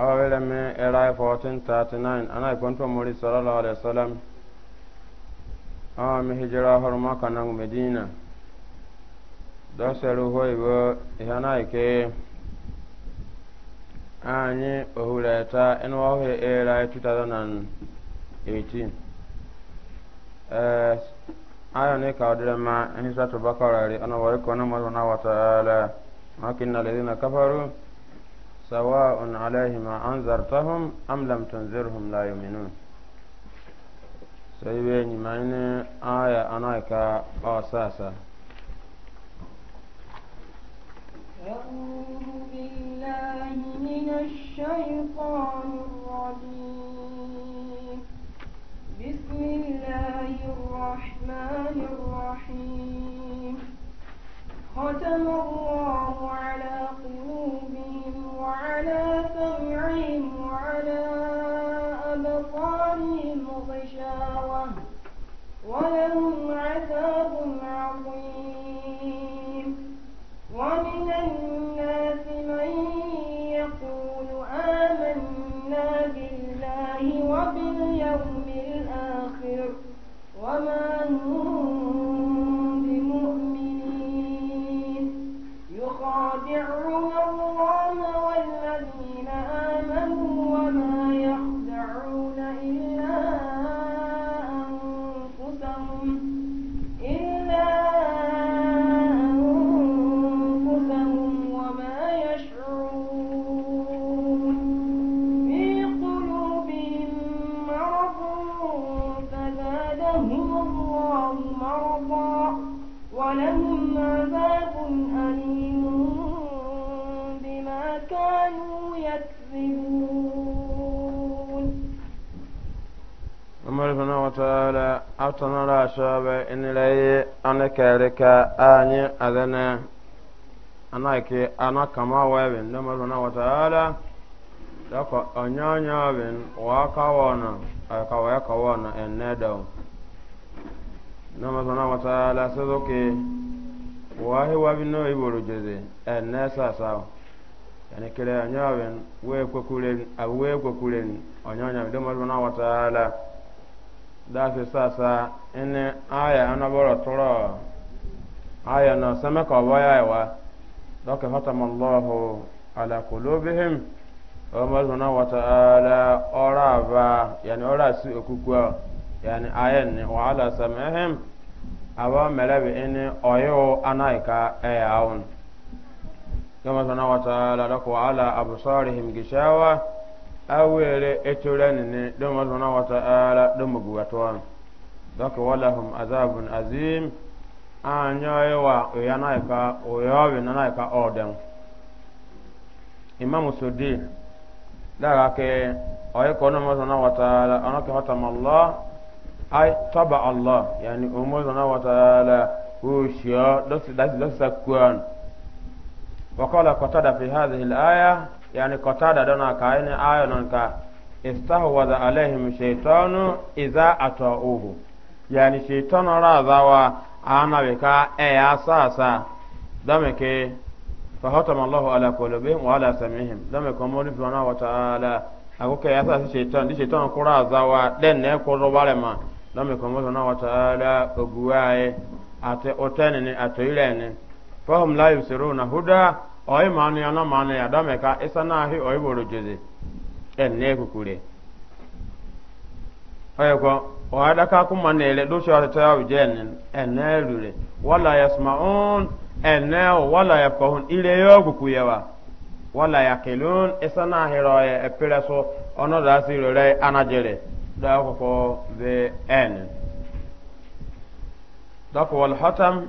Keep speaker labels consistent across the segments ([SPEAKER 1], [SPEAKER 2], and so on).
[SPEAKER 1] awele me era 1439 e ana ikonto e muri sallallahu alaihi wasallam awa mi hijira horma kanang medina do selu hoibo ihana ike e anyị ohuleta enu ọhụrụ era 2018 ee ayọ ne ka ọdịrị mma nhisa tụbakararị ọnụ wọrịkọ ọnụ mmadụ na wata ala makin na lezi na kafaru سواء عليهم أنذرتهم أم لم تنذرهم لا يؤمنون سيبي نمعين آية أنايكا أساسا
[SPEAKER 2] أعوذ بالله من الشيطان ولهم عذاب عظيم ومن الناس من يقول آمنا بالله وباليوم الآخر وما هم بمؤمنين يخادعون
[SPEAKER 1] umar bin wataala atana la shabe in lai ana kare ka anyi adana ana ke ana kama wabin da umar wataala da ko anyanya bin wa kawana ka wa kawana enedo. ne da na umar bin wataala sadoke wa hi wabin no iboro jeze en ne yani kire anyawen we kokulen awe kokulen anyanya bin da umar bin wataala dasi sasa ene aya anaboro toro aya na sama ka waya wa doka fatama allahu ala qulubihim wa mazuna wa ta'ala ora ba yani ora si okugwa yani aya ni wa ala samahim aba merabe ene oyo anaika e aun kama sana wa ta'ala doka ala absarihim gishawa awere eturenini dum subhanahu wa ta'ala dum gubatuan wala hum azabun azim anyoyewa oyanaika oyobi nanaika odem imam sudi daga ke oye kono mo subhanahu wa ta'ala anaka hatam allah ay taba allah yani umu subhanahu wa ta'ala ushiya dosi dosi dosi sakwan وقال قتادة في هذه الآية yani qatada dana ka yani ayo nan ka istahwaza alaihim shaytanu iza ata'uhu yani shaytanu razawa ana be ka e ya sasa dame ke fahatama Allah ala qulubihim wa ala samihim dame ko mo ni subhanahu wa ta'ala agoke ya sasa shaytan di shaytan ko razawa den ne ko robare ma dame ko mo subhanahu wa ta'ala oguwae ate otene ne atoyire ne fahum la na huda oyi manu ya na manu ya dame ka isa na ahi oyi boro jeze en ne kukure oyi ko oyi da ka kuma ne le do shawara ta yawo jen en ne rure wala yasma'un en ne wala ya ile yo kukuyewa wala yaqilun isa na ahi roye epere so ono da si rere anajere da ko ko the en dako wal hatam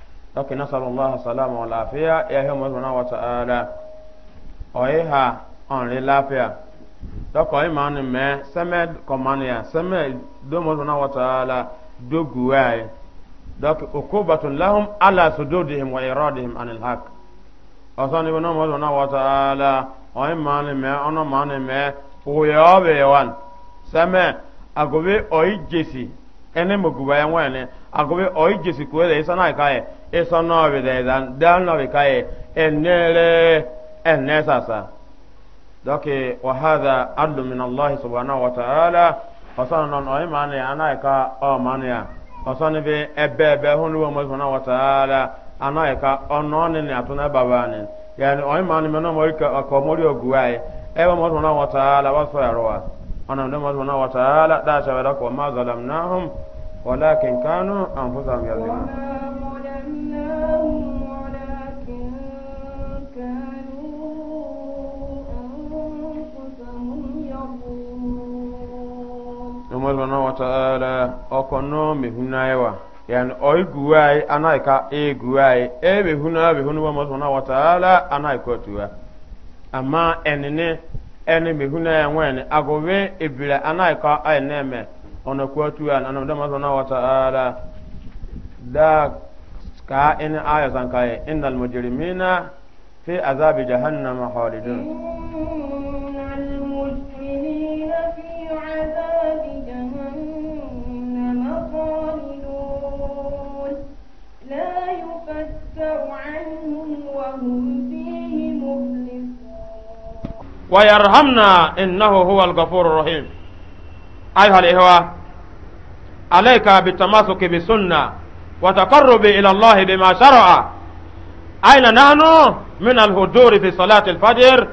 [SPEAKER 1] لكن نسأل الله السلامة والعافية يا هم سبحانه وتعالى أيها أن للعافية dɔkɔ iman mɛ sɛmɛ kɔmaniya sɛmɛ domo sɔnna wataala do guwaaye dɔk okubatun lahum ala sududihim wa iradihim anil haq ɔsɔn ibi nomo sɔnna wataala ɔ iman mɛ ɔnɔ man mɛ ene muguba ya wene agobe oyi jesi isa na ikaye isa na obi da ida dan na ikaye enere enne sasa doke wa hadha adlu min allah subhanahu wa ta'ala osana non oyi mane ka o mane ya osana bi ebe ebe hunu wa subhanahu wa ta'ala ka ono ne atuna baba ne yani mane mo ka ko subhanahu wa ta'ala ana ndo mazu na wataala da shabara ko ma zalamnahum walakin kanu anfusahum yazlimun Umar bin wa ta'ala okono mi hunayewa yani oy guwai anai ka e guwai e be huna be hunu wa mazuna wa ta'ala anai ko tuwa amma enene ene mehuna ya ngwene agobe ebira anaika ayeneme ono kwatu an ano dama zona wa ta'ala da ka in aya san kai innal mujrimina fi azabi jahannama khalidun
[SPEAKER 2] mm.
[SPEAKER 1] ويرحمنا إنه هو الغفور الرحيم أيها الإخوة عليك بالتماسك بالسنة وتقرب إلى الله بما شرع أين نحن من الهدور في صلاة الفجر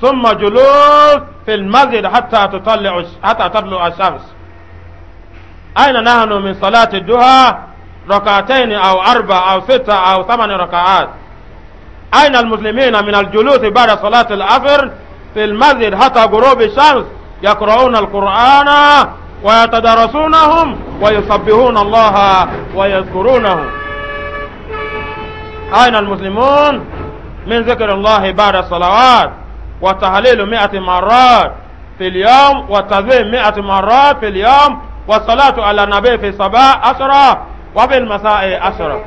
[SPEAKER 1] ثم جلوس في المسجد حتى تطلع حتى تطلع الشمس أين نحن من صلاة الدهى ركعتين أو أربع أو ستة أو ثمان ركعات أين المسلمين من الجلوس بعد صلاة العصر في المسجد حتى غروب الشمس يقرؤون القرآن ويتدرسونهم ويصبحون الله ويذكرونه أين المسلمون من ذكر الله بعد الصلوات وتحليل مئة مرات في اليوم وتذيب مئة مرات في اليوم والصلاة على النبي في الصباح أسرة وفي المساء أسرة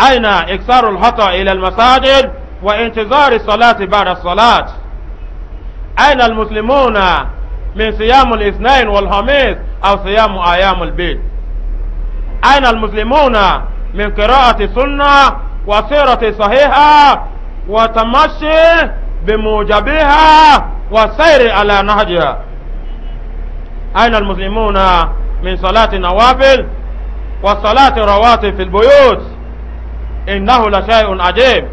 [SPEAKER 1] أين إكثار الخطأ إلى المساجد وانتظار الصلاة بعد الصلاة أين المسلمون من صيام الاثنين والخميس أو صيام أيام البيت أين المسلمون من قراءة السنة وسيرة صحيحة وتمشي بموجبها والسير على نهجها أين المسلمون من صلاة النوافل والصلاة الرواتب في البيوت إنه لشيء عجيب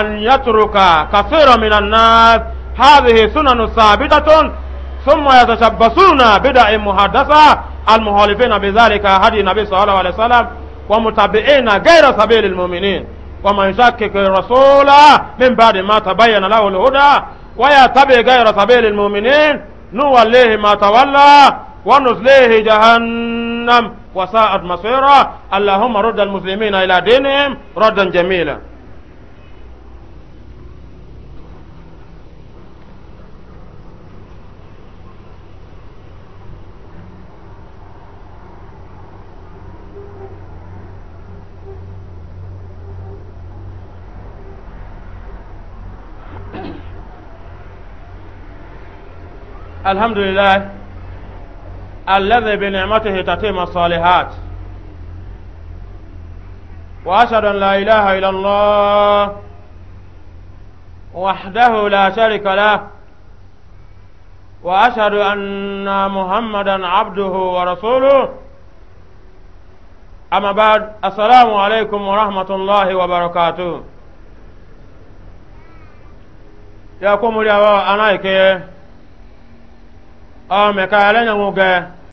[SPEAKER 1] أن يترك كثير من الناس هذه سنن ثابتة ثم يتشبثون بدع محدثة المخالفين بذلك هدي النبي صلى الله عليه وسلم ومتبعين غير سبيل المؤمنين ومن يشكك الرسول من بعد ما تبين له الهدى ويتبع غير سبيل المؤمنين نوليه ما تولى ونزليه جهنم وساءت مصيرا اللهم رد المسلمين إلى دينهم ردا جميلا الحمد لله الذي بنعمته تتم الصالحات وأشهد أن لا إله إلا الله وحده لا شريك له وأشهد أن محمدا عبده ورسوله أما بعد السلام عليكم ورحمة الله وبركاته يقوم اليوم أنايك أمك علينا مجاه